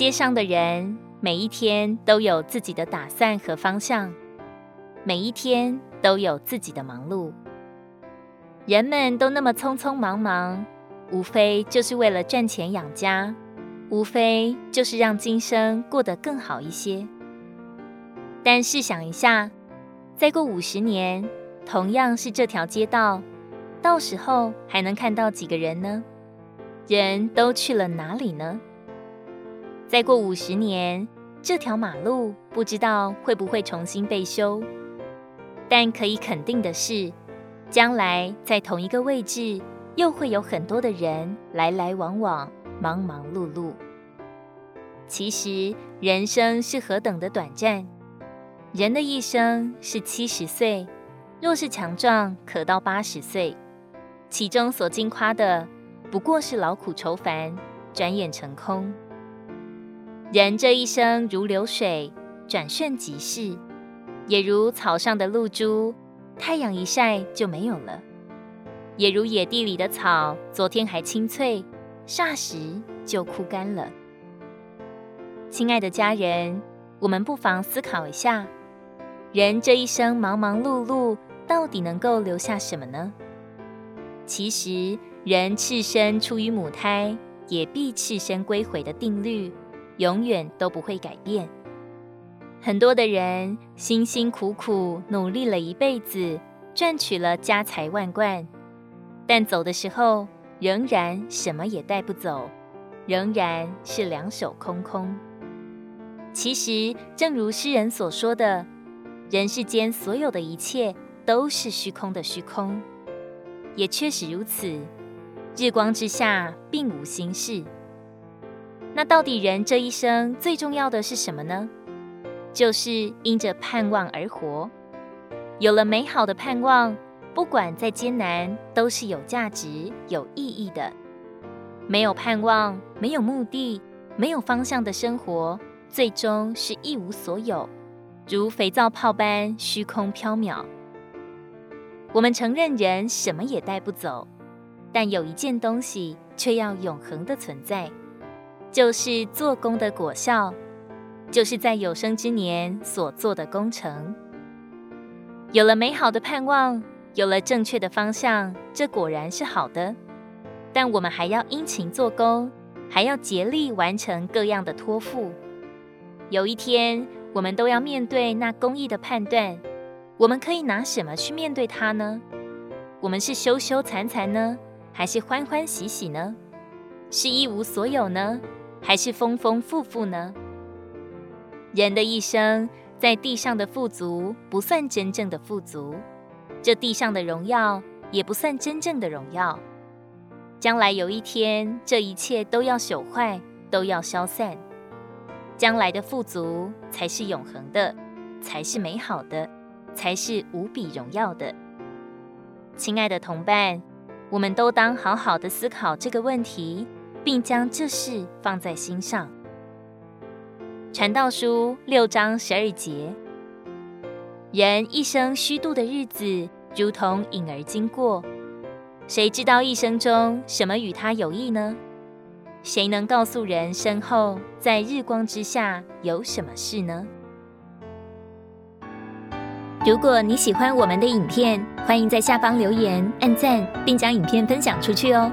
街上的人每一天都有自己的打算和方向，每一天都有自己的忙碌。人們都那麼匆匆忙忙，無非就是為了賺錢養家，無非就是讓今生過得更好一些。但試想一下，再過五十年，同樣是這條街道，到時候還能看到幾個人呢？人都去了哪裡呢？再過五十年，這條馬路不知道會不會重新被修，但可以肯定的是，將來在同一個位置，又會有很多的人來來往往，忙忙碌碌。其實人生是何等的短暫，人的一生是七十歲，若是強壯，可到八十歲，其中所矜誇，的不過是勞苦愁煩，轉眼成空。人這一生如流水，轉瞬即逝；也如草上的露珠，太陽一曬就沒有了；也如野地裡的草，昨天還青翠，霎時就枯乾了。親愛的家人，我們不妨思考一下：人這一生忙忙碌碌，到底能夠留下什麼呢？其實，人赤身出於母胎，也必赤身歸回的定律。永遠都不會改變。很多的人辛辛苦苦努力了一輩子，賺取了家財萬貫，但走的時候仍然什麼也帶不走，仍然是兩手空空。其實，正如詩人所說的，人世間所有的一切都是虛空的虛空，也確實如此。日光之下，並無新事。那到底人這一生最重要的是什麼呢？就是因着盼望而活。有了美好的盼望，不管再艱難，都是有價值、有意義的。沒有盼望、沒有目的、沒有方向的生活，最終是一無所有，如肥皂泡般虛空縹緲。我們承認人什麼也帶不走，但有一件東西卻要永恆的存在。就是做工的果效，就是在有生之年所做的工程。有了美好的盼望，有了正確的方向，這果然是好的。但我們還要殷勤做工，還要竭力完成各樣的托付。有一天，我們都要面對那公義的判斷。我們可以拿什麼去面對它呢？我們是羞羞慚慚呢，還是歡歡喜喜呢？是一無所有呢？還是豐豐富富呢？人的一生在地上的富足不算真正的富足，這地上的榮耀也不算真正的榮耀。將來有一天，這一切都要朽壞，都要消散。將來的富足才是永恆的，才是美好的，才是無比榮耀的。親愛的同伴，我們都當好好的思考這個問題。並將這事放在心上。傳道書六章十二節：人一生虛度的日子，如同影兒經過。誰知道一生中什麼與他有益呢？誰能告訴人身後在日光之下有什麼事呢？如果你喜歡我們的影片，歡迎在下方留言、按讚，並將影片分享出去哦。